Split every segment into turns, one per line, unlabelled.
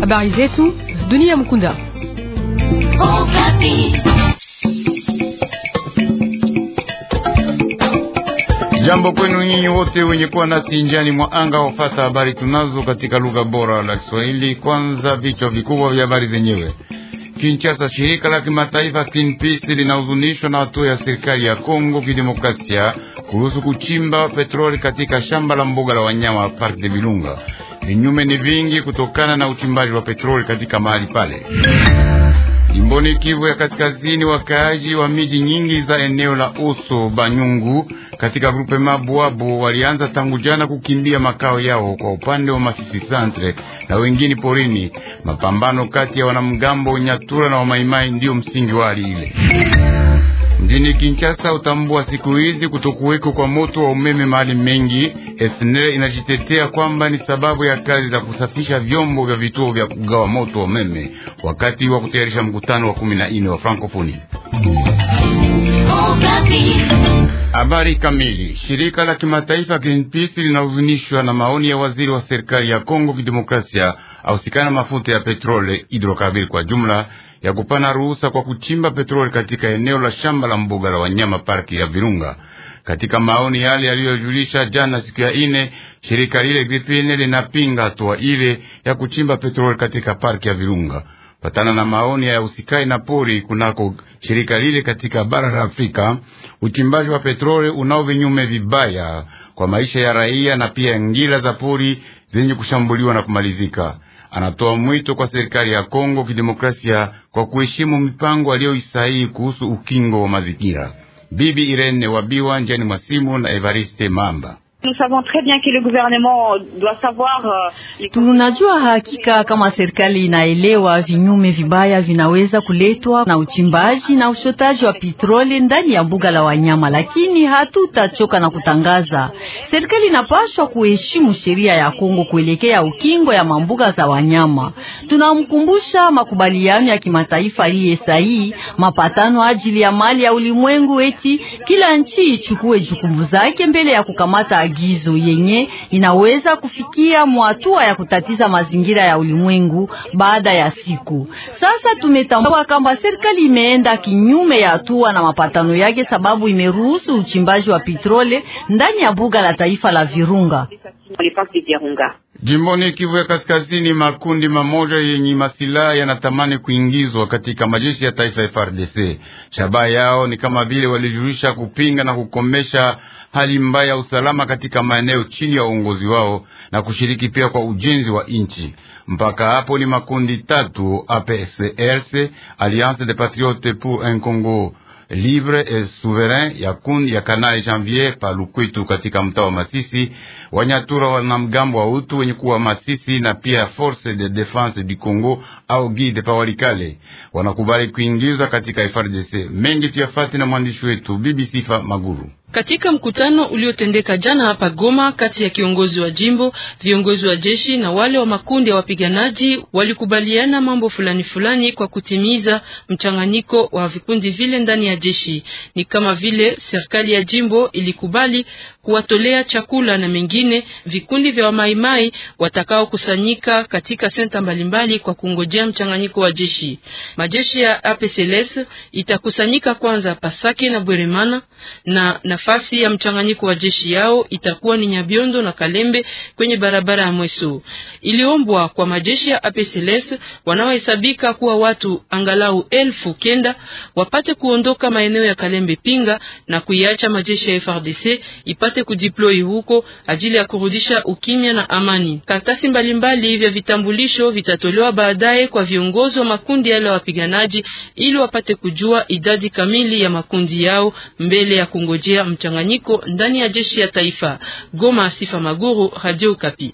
Habari zetu dunia Mkunda.
Jambo kwenu nyinyi wote wenye kuwa nasi njiani mwa anga wafata habari tunazo katika lugha bora la Kiswahili. Kwanza vichwa vikubwa vya habari zenyewe. Kinshasa, shirika la kimataifa Greenpeace linahuzunishwa na hatua ya serikali ya Kongo Kidemokrasia kuhusu kuchimba petroli katika shamba la mbuga la wanyama wa Park de Virunga. Vinyume ni vingi kutokana na uchimbaji wa petroli katika mahali pale. Jimboni Kivu ya Kaskazini, wakaaji wa miji nyingi za eneo la Uso Banyungu katika grupe Mabwabo walianza tangu jana kukimbia makao yao kwa upande wa Masisi Santre na wengine porini. Mapambano kati ya wanamgambo Nyatura na Wamaimai ndiyo msingi wa hali ile. Mjini Kinshasa utambua siku hizi kutokuweko kwa moto wa umeme mahali mengi. SNEL inajitetea kwamba ni sababu ya kazi za kusafisha vyombo vya vituo vya kugawa moto wa umeme wakati wa kutayarisha mkutano wa kumi na nne wa Frankofoni. Habari kamili. Shirika la kimataifa Greenpeace linahuzunishwa na maoni ya waziri wa serikali ya Kongo Kidemokrasia ahusikana mafuta ya petrole hidrokarburi kwa jumla ya kupana ruhusa kwa kuchimba petroli katika eneo la shamba la mbuga la wanyama parki ya Virunga. Katika maoni yale yaliyojulisha jana siku ya ine, shirika lile Gripine linapinga hatua ile ya kuchimba petroli katika parki ya Virunga patana na maoni ya usikai na pori kunako shirika lile katika bara la Afrika, uchimbaji wa petroli unao vinyume vibaya kwa maisha ya raia na pia ngila za pori zenye kushambuliwa na kumalizika anatoa mwito kwa serikali ya Kongo Kidemokrasia kwa kuheshimu mipango aliyoisaini kuhusu ukingo wa mazingira. Bibi Irene Wabiwa, njani mwasimu na Evariste Mamba.
Euh, Tunajua hakika kama serikali inaelewa vinyume vibaya vinaweza kuletwa na uchimbaji na ushotaji wa petroli ndani ya mbuga la wanyama, lakini hatutachoka na kutangaza, serikali inapaswa kuheshimu sheria ya Kongo kuelekea ukingo ya mambuga za wanyama. Tunamkumbusha makubaliano ya kimataifa iliye sahihi, mapatano ajili ya mali ya ulimwengu, eti kila nchi ichukue jukumu zake mbele ya kukamata agizo yenye inaweza kufikia mwatua ya kutatiza mazingira ya ulimwengu baada ya siku. Sasa tumetambua kwamba serikali imeenda kinyume ya hatua na mapatano yake, sababu imeruhusu uchimbaji wa petrole ndani ya buga la taifa la Virunga.
Jimboni Kivu ya Kaskazini, makundi mamoja yenye masilaha yanatamani kuingizwa katika majeshi ya taifa FARDC. Shabaha yao ni kama vile walijulisha kupinga na kukomesha hali mbaya ya usalama katika maeneo chini ya uongozi wao na kushiriki pia kwa ujenzi wa nchi. Mpaka hapo ni makundi tatu: APCLC, e Alliance des Patriotes pour un Congo Libre et Souverain ya kundi ya Kanali Janvier pa Lukwitu katika mtaa wa Masisi. Wanyatura wanamgambo wa utu wenye kuwa Masisi na pia Force de Defense du Congo au guide pa Walikale wanakubali kuingizwa katika FRDC. Mengi tuyafati na mwandishi wetu BBC fa Maguru.
Katika mkutano uliotendeka jana hapa Goma kati ya kiongozi wa jimbo, viongozi wa jeshi na wale wa makundi ya wapiganaji walikubaliana mambo fulani fulani kwa kutimiza mchanganyiko wa vikundi vile ndani ya jeshi. Ni kama vile serikali ya jimbo ilikubali kuwatolea chakula na mengine vikundi vya wamaimai watakaokusanyika katika senta mbalimbali kwa kungojea mchanganyiko wa jeshi. Majeshi ya APCLS itakusanyika kwanza Pasake na Bweremana na na nafasi ya mchanganyiko wa jeshi yao itakuwa ni Nyabiondo na Kalembe kwenye barabara ya Mweso. Iliombwa kwa majeshi ya APCLS wanaohesabika kuwa watu angalau elfu kenda wapate kuondoka maeneo ya Kalembe Pinga na kuiacha majeshi ya FRDC ipate kudiploi huko ajili ya kurudisha ukimya na amani. Karatasi mbalimbali vya vitambulisho vitatolewa baadaye kwa viongozi wa makundi yale ya wapiganaji ili wapate kujua idadi kamili ya makundi yao mbele ya kungojea mchanganyiko ndani ya jeshi ya taifa. Goma, Sifa Maguru, Radio Kapi.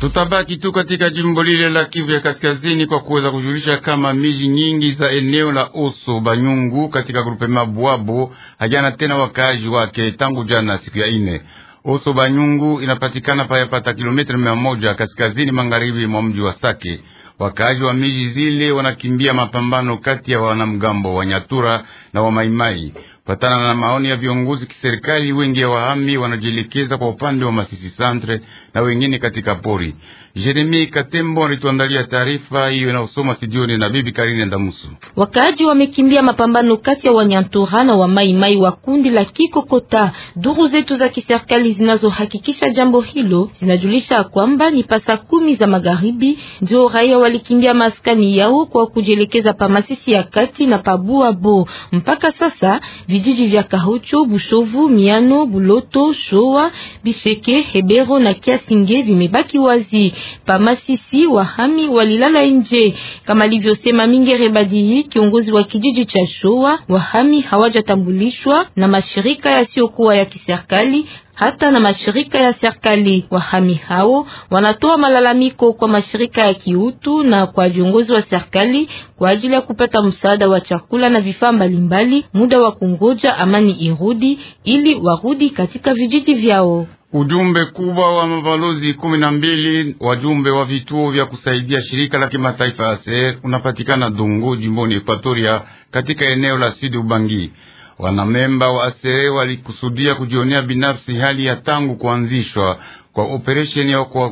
Tutabaki tu katika jimbo lile la Kivu ya Kaskazini kwa kuweza kujulisha kama miji nyingi za eneo la Oso Banyungu katika grupe Mabwabo hajana tena wakaaji wake tangu jana siku ya ine. Oso Banyungu inapatikana payapata kilomita mia moja kaskazini magharibi mwa mji wa Sake. Wakaaji wa miji zile wanakimbia mapambano kati ya wanamgambo wa Nyatura na wa Maimai. Patana na maoni ya viongozi kiserikali, wengi ya wahami wanajielekeza kwa upande wa Masisi Santre na wengine katika pori. Jeremi Katembo alituandalia taarifa hiyo inayosoma studioni na bibi Karine Ndamusu.
Wakaaji wamekimbia mapambano kati ya Wanyantura na wa Maimai wa kundi la Kikokota. Duru zetu za kiserikali zinazohakikisha jambo hilo zinajulisha kwamba ni pasa kumi za magharibi ndio raia walikimbia maskani yao kwa kujielekeza pa Masisi ya kati na Pabuabo. Mpaka sasa vijiji vya Kahocho, Bushovu, Miano, Buloto, Shoa, Bisheke, Hebero na Kiasinge vimebaki wazi pamasisi wahami walilala nje, kama alivyosema Mingere Badihi, kiongozi wa kijiji cha Shoa. Wahami hawajatambulishwa na mashirika yasiyokuwa ya kiserikali hata na mashirika ya serikali. Wahami hao wanatoa malalamiko kwa mashirika ya kiutu na kwa viongozi wa serikali kwa ajili ya kupata msaada wa chakula na vifaa mbalimbali, muda wa kungoja amani irudi ili warudi katika vijiji vyao.
Ujumbe kubwa wa mabalozi kumi na mbili wajumbe wa vituo vya kusaidia shirika la kimataifa ya SER unapatikana Dungu jimboni Ekuatoria katika eneo la Sidi Ubangi. Wanamemba wa ASERE walikusudia kujionea binafsi hali ya tangu kuanzishwa kwa operesheni ya wa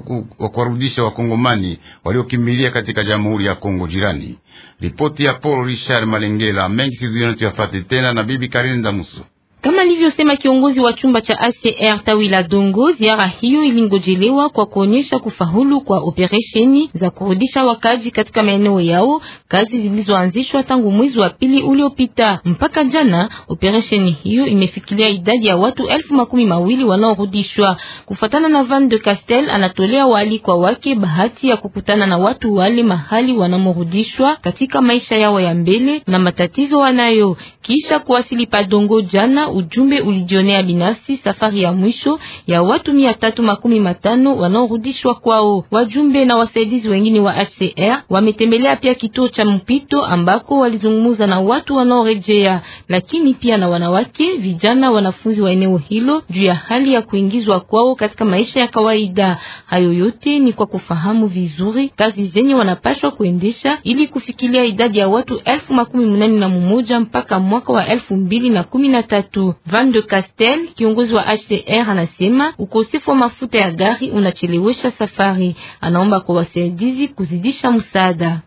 kuwarudisha wakongomani waliokimbilia katika jamhuri ya Kongo jirani. Ripoti ya Paul Richard Malengela mengi siziyonetu tena na bibi Karine Damuso.
Kama alivyosema kiongozi wa chumba cha ACR tawi la Dongo, ziara hiyo ilingojelewa kwa kuonyesha kufahulu kwa operesheni za kurudisha wakaji katika maeneo yao, kazi zilizoanzishwa tangu mwezi wa pili uliopita mpaka jana. Operesheni hiyo imefikilia idadi ya watu elfu makumi mawili wanaorudishwa. Kufatana na Van de Castel, anatolea wali kwa wake bahati ya kukutana na watu wale mahali wanamorudishwa katika maisha yao ya mbele na matatizo wanayo, kisha kuwasili pa Dongo jana ujumbe ulijionea binafsi safari ya mwisho ya watu mia tatu makumi matano wanaorudishwa kwao. Wajumbe na wasaidizi wengine wa HCR wametembelea pia kituo cha mpito ambako walizungumza na watu wanaorejea, lakini pia na wanawake, vijana, wanafunzi wa eneo hilo juu ya hali ya kuingizwa kwao katika maisha ya kawaida. Hayo yote ni kwa kufahamu vizuri kazi zenye wanapashwa kuendesha ili kufikilia idadi ya watu elfu makumi munane na mumoja mpaka mwaka wa elfu mbili na kumi na tatu. Ruchuru. Van de Castel, kiongozi wa HCR, anasema ukosefu wa mafuta ya gari unachelewesha safari. Anaomba kwa wasaidizi kuzidisha msaada.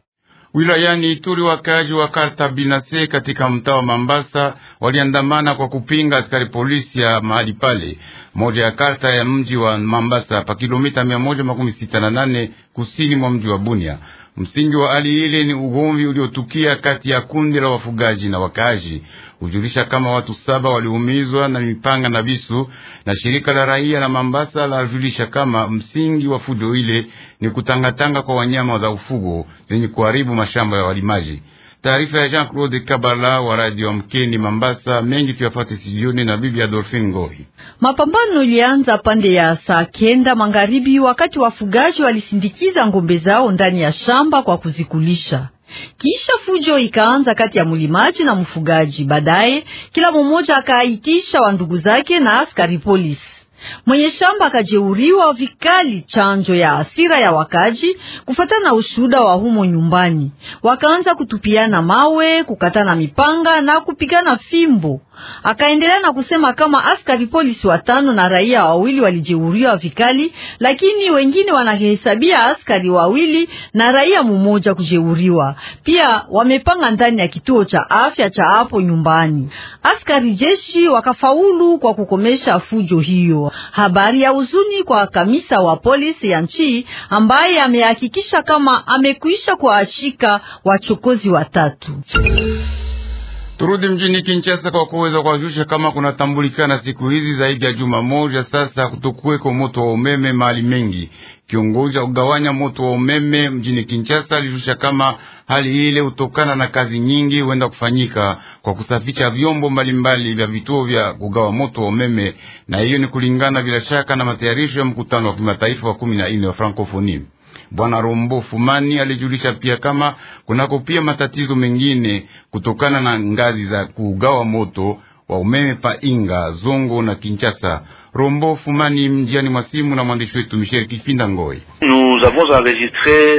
Wilayani Ituri, wakaaji wa Karta Binase katika mtaa wa Mambasa waliandamana kwa kupinga askari polisi ya mahali pale. Moja ya karta ya mji wa Mambasa pa kilomita mia moja makumi sita na nane kusini mwa mji wa Bunia. Msingi wa hali ile ni ugomvi uliotukia kati ya kundi la wafugaji na wakaaji hujulisha kama watu saba waliumizwa na mipanga na visu, na shirika la raia la Mambasa lajulisha kama msingi wa fujo ile ni kutangatanga kwa wanyama za ufugo zenye kuharibu mashamba ya walimaji. Taarifa ya Jean-Claude Kabala wa Radio Mkeni Mambasa, mengi tuyafuate sijioni na bibi Adolphine Ngoi.
Mapambano ilianza pande ya saa kenda magharibi wakati wafugaji walisindikiza ngombe zao ndani ya shamba kwa kuzikulisha. Kisha fujo ikaanza kati ya mlimaji na mfugaji. Baadaye kila mmoja akaitisha wa ndugu zake na askari polisi. Mwenye shamba akajeuriwa vikali, chanjo ya hasira ya wakaji kufatana na ushuhuda wa humo nyumbani. Wakaanza kutupiana mawe, kukatana mipanga na kupigana fimbo. Akaendelea na kusema kama askari polisi watano na raia wawili walijeruhiwa vikali, lakini wengine wanahesabia askari wawili na raia mmoja kujeruhiwa. Pia wamepanga ndani ya kituo cha afya cha hapo nyumbani. Askari jeshi wakafaulu kwa kukomesha fujo hiyo. Habari ya huzuni kwa kamisa wa polisi ya nchi ambaye amehakikisha kama amekwisha kuashika wachokozi watatu.
Turudi mjini Kinshasa kwa kuweza kuwajulisha kama kunatambulikana siku hizi zaidi ya juma moja sasa kutokuweko moto wa umeme mahali mengi. Kiongozi wa kugawanya moto wa umeme mjini Kinshasa alijulisha kama hali ile hutokana na kazi nyingi huenda kufanyika kwa kusafisha vyombo mbalimbali vya vituo vya kugawa moto wa umeme, na hiyo ni kulingana bila shaka na matayarisho ya mkutano wa kimataifa wa kumi na nne wa Francophonie. Bwana Rombo Fumani alijulisha pia kama kunako pia matatizo mengine kutokana na ngazi za kugawa moto wa umeme pa Inga, Zongo na Kinshasa. Rombo Fumani mjiani mwasimu na mwandishi wetu Michel Kifinda Ngoi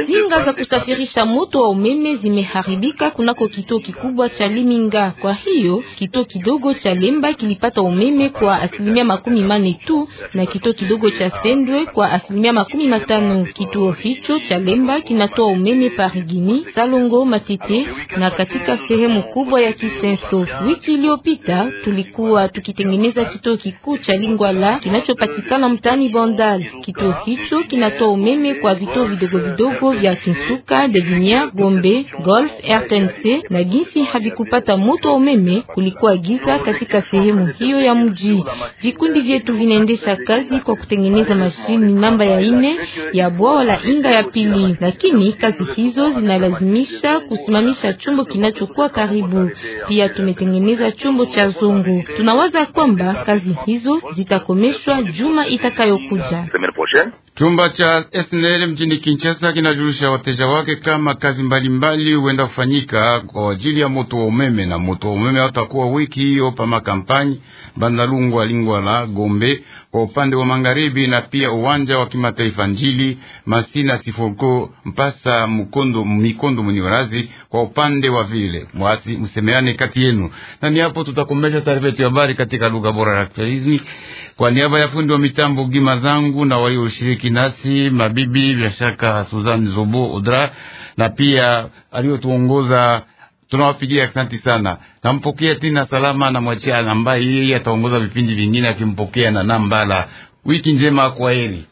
zinga za kusafirisha moto wa umeme zimeharibika kunako kituo kikubwa cha Liminga. Kwa hiyo kituo kidogo cha Lemba kilipata umeme kwa asilimia makumi mane tu na kituo kidogo cha Sendwe kwa asilimia makumi matano. Kituo hicho cha Lemba kinatoa umeme Parigini, Salongo, Matete na katika sehemu kubwa ya Kisenso. Wiki iliyopita tulikuwa tukitengeneza kituo kikuu cha Lingwala kinachopatikana mtani Bandal. Kituo hicho kinatoa umeme kwa kwa vituo vidogo vidogo vya Kinsuka, Devinia, Gombe, Golf, RTNC na ginsi havikupata moto wa umeme, kulikuwa giza katika sehemu hiyo ya mji. Vikundi vyetu vinaendesha kazi kwa kutengeneza mashini namba ya ine ya bwawa la Inga ya pili, lakini kazi hizo zinalazimisha kusimamisha chombo kinachokuwa karibu. Pia tumetengeneza chombo cha Zongo. Tunawaza kwamba kazi hizo zitakomeshwa juma itakayokuja.
Chumba cha SNL Senel mjini Kinshasa kinajulisha wateja wake kama kazi mbalimbali huenda mbali kufanyika kwa ajili ya moto wa umeme, na moto wa umeme hatakuwa wiki hiyo pa makampani Bandalungwa, Lingwa la Gombe kwa upande wa magharibi, na pia uwanja wa kimataifa Njili Masina, Sifolko, Mpasa, Mkondo, Mikondo, Muniorazi kwa upande wa vile mwasi, msemeane kati yenu. Na ni hapo tutakomesha taarifa yetu ya habari katika lugha bora ya Kiswahili, kwa niaba ya fundi wa mitambo Gima zangu na walioshiriki nasi mabibi Mali, bila shaka Suzanne Zobo Odra na pia aliyotuongoza. Tunawapigia asanti sana, nampokea tena salama, mwachia ambaye yeye, ataongoza vipindi vingine akimpokea na nambala. Wiki njema, kwaheri.